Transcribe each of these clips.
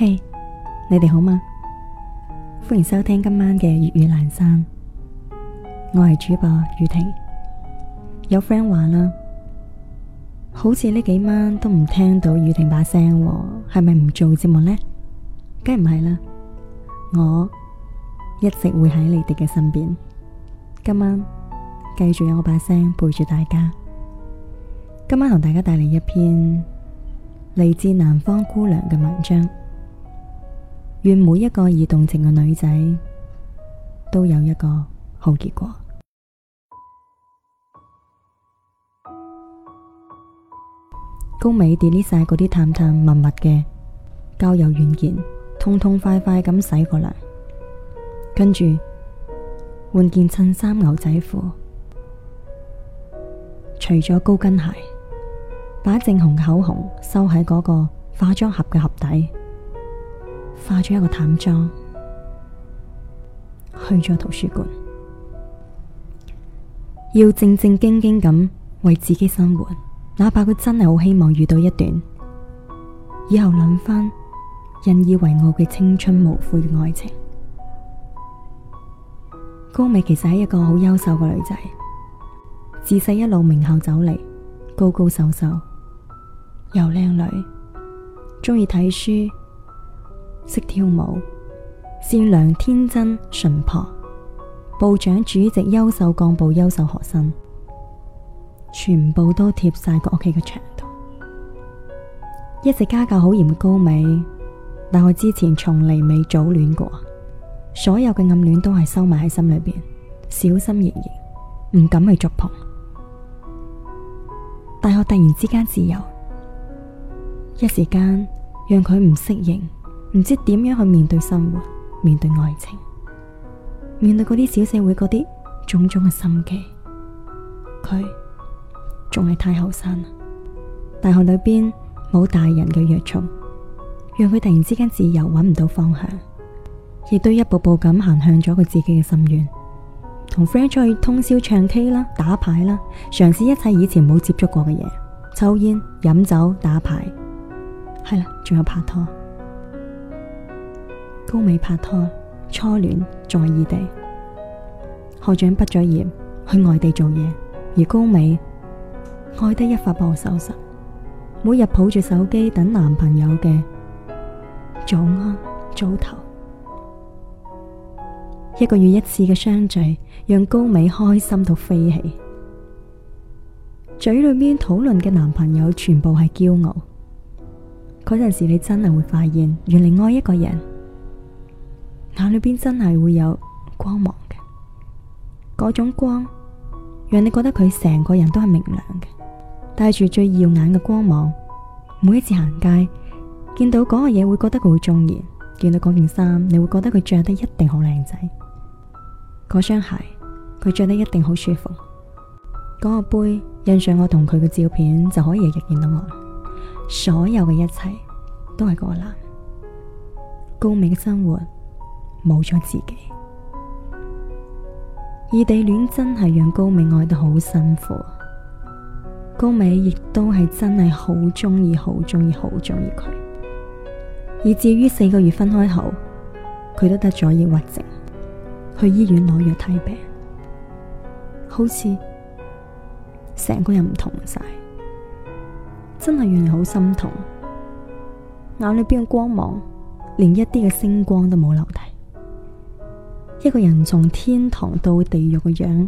嘿，hey, 你哋好嗎？歡迎收聽今晚嘅粵語闌珊，我係主播雨婷。有 friend 話啦，好似呢幾晚都唔聽到雨婷把聲，係咪唔做節目呢？梗唔係啦，我一直會喺你哋嘅身邊。今晚繼續有我把聲陪住大家。今晚同大家帶嚟一篇嚟自南方姑娘嘅文章。願每一個易動情嘅女仔都有一個好結果。高美 delete 晒嗰啲探探、陌陌嘅交友軟件，痛痛快快咁洗過嚟，跟住換件襯衫、牛仔褲，除咗高跟鞋，把正紅口紅收喺嗰個化妝盒嘅盒底。化咗一個淡妝，去咗圖書館，要正正經經咁為自己生活，哪怕佢真係好希望遇到一段以後諗翻，引以為傲嘅青春無悔嘅愛情。高美其實係一個好優秀嘅女仔，自細一路名校走嚟，高高瘦瘦，又靚女，中意睇書。識跳舞，善良天真純樸，部長、主席、優秀幹部、優秀學生，全部都貼晒個屋企嘅牆度。一直家教好嚴嘅高美，大學之前從嚟未早戀過，所有嘅暗戀都係收埋喺心裏邊，小心翼翼，唔敢去觸碰。大學突然之間自由，一時間讓佢唔適應。唔知點樣去面對生活，面對愛情，面對嗰啲小社會嗰啲種種嘅心機，佢仲係太後生。大學裏邊冇大人嘅約束，讓佢突然之間自由，揾唔到方向，亦都一步步咁行向咗佢自己嘅深淵。同 friend 出去通宵唱 K 啦、打牌啦，嘗試一切以前冇接觸過嘅嘢，抽煙、飲酒、打牌，係啦，仲有拍拖。高美拍拖，初戀在異地。學長畢咗業，去外地做嘢，而高美愛得一發不可收拾，每日抱住手機等男朋友嘅早安、晚安，一個月一次嘅相聚，讓高美開心到飛起。嘴裏面討論嘅男朋友全部係驕傲。嗰陣時，你真係會發現，原來愛一個人。眼裏邊真係會有光芒嘅，嗰種光讓你覺得佢成個人都係明亮嘅，帶住最耀眼嘅光芒。每一次行街，見到嗰個嘢會覺得佢會中意；見到嗰件衫，你會覺得佢着得一定好靚仔。嗰雙鞋，佢着得一定好舒服。嗰、嗰個杯，印上我同佢嘅照片就可以日日見到我。所有嘅一切都係嗰個男，高美嘅生活。冇咗自己，異地戀真係讓高美愛得好辛苦。高美亦都係真係好中意，好中意，好中意佢。以至於四個月分開後，佢都得咗抑鬱症，去醫院攞藥睇病，好似成個人唔同晒，真係讓人好心痛。眼裏邊嘅光芒，連一啲嘅星光都冇留底。一個人從天堂到地獄嘅樣，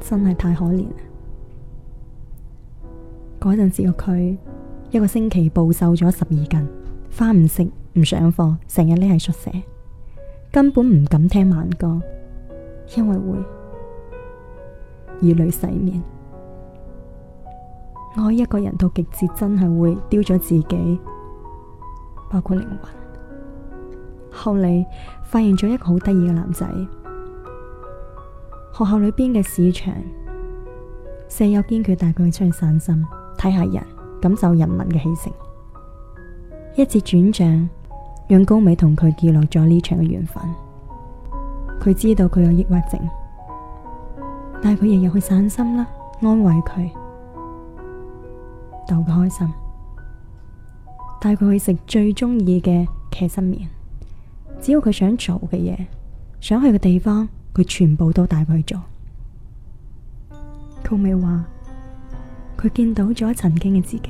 真係太可憐。嗰陣時嘅佢，一個星期暴瘦咗十二斤，飯唔食，唔上課，成日匿喺宿舍，根本唔敢聽慢歌，因為會以淚洗面。愛一個人到極致，真係會丟咗自己，包括靈魂。後嚟發現咗一個好得意嘅男仔，學校裡邊嘅市場，舍友堅決帶佢出去散心，睇下人，感受人民嘅氣息。一次轉賬，讓高美同佢結下咗呢場嘅緣分。佢知道佢有抑鬱症，但係佢日日去散心啦，安慰佢，逗佢開心，帶佢去食最中意嘅茄汁麵。只要佢想做嘅嘢，想去嘅地方，佢全部都帶佢去做。高美話：佢見到咗曾經嘅自己，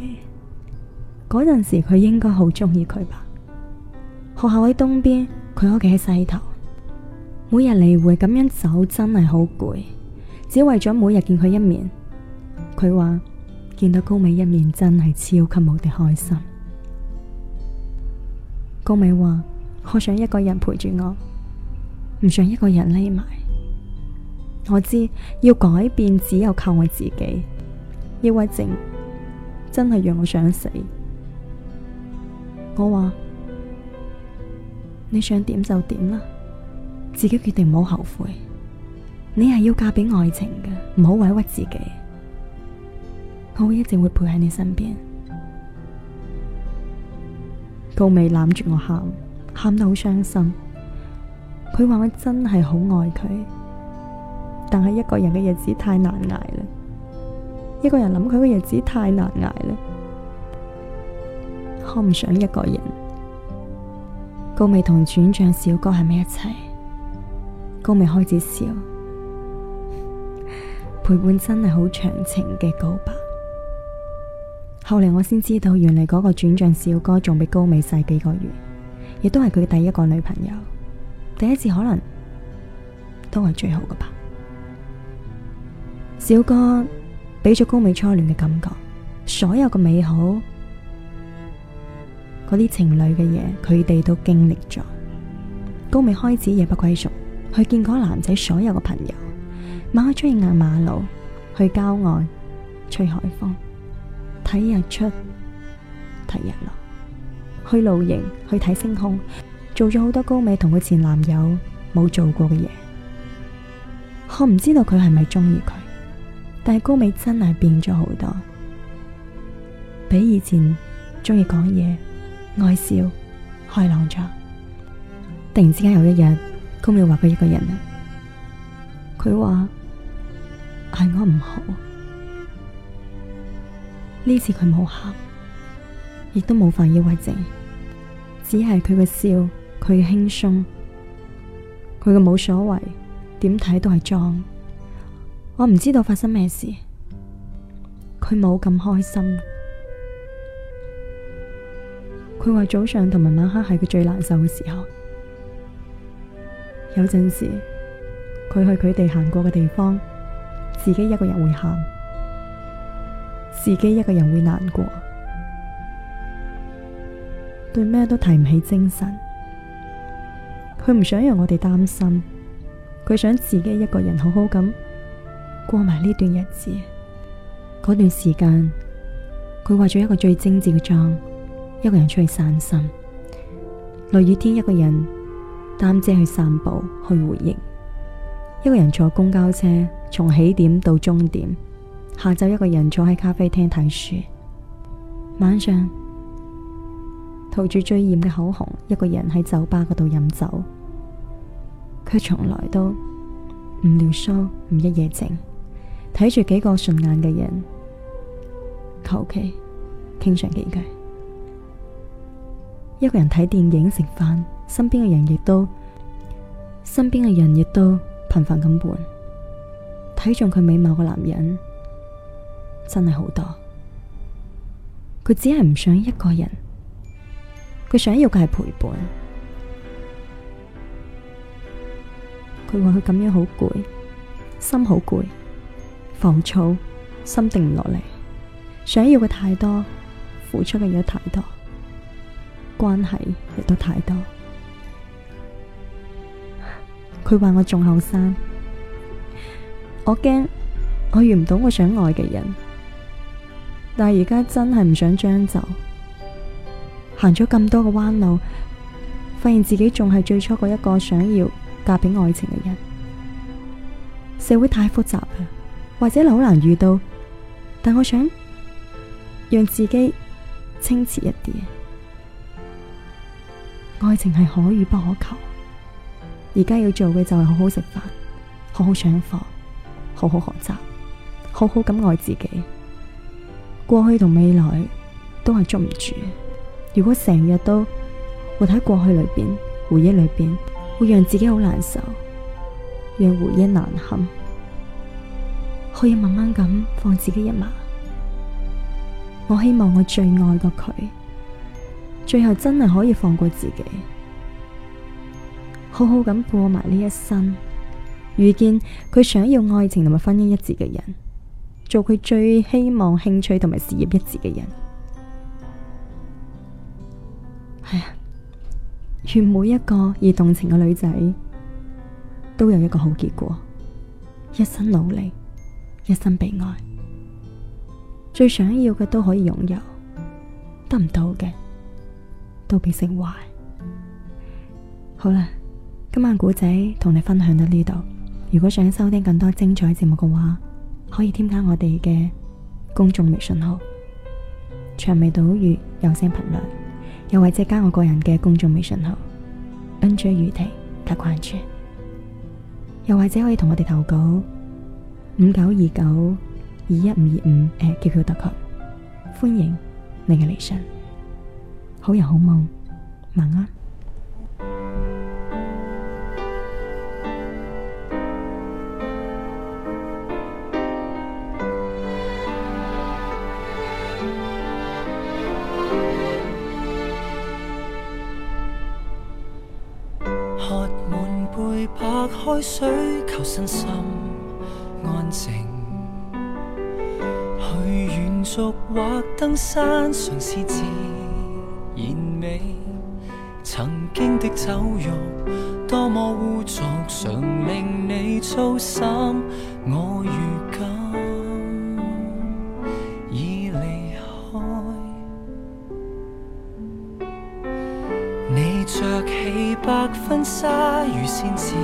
嗰陣時佢應該好中意佢吧。學校喺東邊，佢屋企喺西頭，每日嚟回咁樣走真係好攰，只為咗每日見佢一面。佢話見到高美一面真係超級無敵開心。高美話。我想一個人陪住我，唔想一個人匿埋。我知要改變，只有靠我自己。抑鬱症，真係讓我想死。我話你想點就點啦，自己決定，唔好後悔。你係要嫁俾愛情嘅，唔好委屈自己。我會一直會陪喺你身邊。高美攬住我喊。喊得好傷心，佢話我真係好愛佢，但係一個人嘅日子太難挨啦，一個人諗佢嘅日子太難挨啦，我唔想一個人。高美同轉賬小哥係咪一齊？高美開始笑，陪伴真係好長情嘅告白。後嚟我先知道，原嚟嗰個轉賬小哥仲比高美細幾個月。亦都係佢第一個女朋友，第一次可能都係最好嘅吧。小哥俾咗高美初戀嘅感覺，所有嘅美好，嗰啲情侶嘅嘢，佢哋都經歷咗。高美開始夜不歸宿，去見嗰男仔所有嘅朋友，晚黑出去壓馬路，去郊外吹海風，睇日出，睇日落。去露營，去睇星空，做咗好多高美同佢前男友冇做過嘅嘢。我唔知道佢係咪中意佢，但係高美真係變咗好多，比以前中意講嘢、愛笑、開朗咗。突然之間有一日，高美話佢一個人，佢話係我唔好，呢次佢冇喊，亦都冇犯抑鬱症。只係佢嘅笑，佢嘅輕鬆，佢嘅冇所謂，點睇都係裝。我唔知道發生咩事，佢冇咁開心。佢話早上同埋晚黑係佢最難受嘅時候，有陣時佢去佢哋行過嘅地方，自己一個人會喊，自己一個人會難過。對咩都提唔起精神，佢唔想讓我哋擔心，佢想自己一個人好好咁過埋呢段日子。嗰段時間，佢畫咗一個最精緻嘅妝，一個人出去散心。雷雨天，一個人擔遮去散步去回憶。一個人坐公交車從起點到終點。下晝一個人坐喺咖啡廳睇書。晚上，塗住最艷嘅口紅，一個人喺酒吧嗰度飲酒，佢從來都唔聊騷，唔一夜情，睇住幾個順眼嘅人，求其傾上幾句。一個人睇電影食飯，身邊嘅人亦都，身邊嘅人亦都頻繁咁換，睇中佢美貌嘅男人真係好多，佢只係唔想一個人。佢想要嘅係陪伴。佢話佢咁樣好攰，心好攰，浮躁，心定唔落嚟。想要嘅太多，付出嘅嘢太多，關係亦都太多。佢話我仲後生，我驚我遇唔到我想愛嘅人。但係而家真係唔想將就。行咗咁多嘅彎路，發現自己仲係最初嗰一個想要嫁俾愛情嘅人。社會太複雜啊，或者好難遇到。但我想讓自己清澈一啲啊！愛情係可遇不可求，而家要做嘅就係好好食飯，好好上課，好好學習，好好咁愛自己。過去同未來都係捉唔住。如果成日都活喺過去裏邊、回憶裏邊，會讓自己好難受，讓回憶難堪，可以慢慢咁放自己一馬。我希望我最愛過佢，最後真係可以放過自己，好好咁過埋呢一生，遇見佢想要愛情同埋婚姻一致嘅人，做佢最希望、興趣同埋事業一致嘅人。係啊，願、哎、每一個易動情嘅女仔都有一個好結果，一生努力，一生被愛，最想要嘅都可以擁有，得唔到嘅都被釋懷。好啦，今晚古仔同你分享到呢度。如果想收聽更多精彩節目嘅話，可以添加我哋嘅公眾微信號“長尾島嶼有聲頻率”。又或者加我個人嘅公眾微信號 nj 雨婷加關注，又或者可以同我哋投稿五九二九二一五二五 QQ 特群，歡迎你嘅嚟信，好人好夢，晚安、啊。開水求身心安靜，去遠足或登山，嘗試自然美。曾經的酒肉，多麼污濁，常令你操心。我如今已離開，你着起白婚紗如仙子。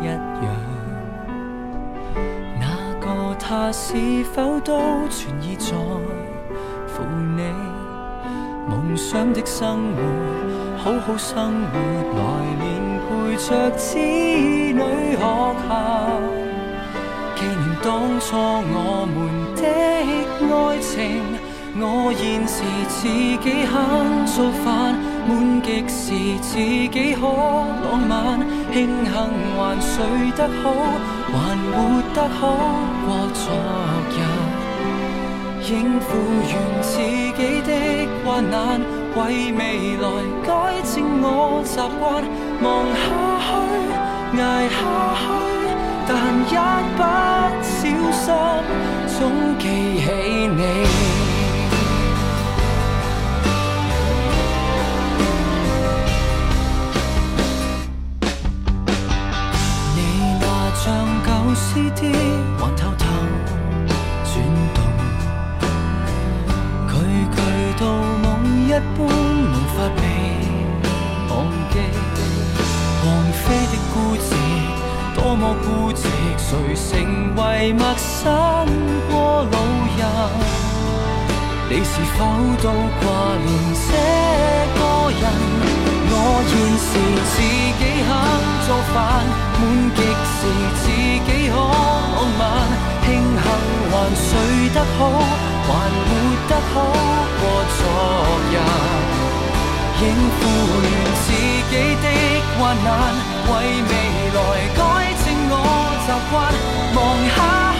一樣，那個他是否都全意在乎你？夢想的生活，好好生活，來年陪着子女學下，紀念當初我們的愛情。我現時自己肯做飯滿極時自己可浪漫，慶幸還睡得好，還活得好過昨日。應付完自己的患難，為未來改正我習慣，忙下去，捱下去，但一不小心總記起。你是否都掛念這個人？我現時自己肯做飯，悶極時自己可浪漫，慶幸還睡得好，還活得好過昨日。應付完自己的患難，為未來改正我習慣，望下。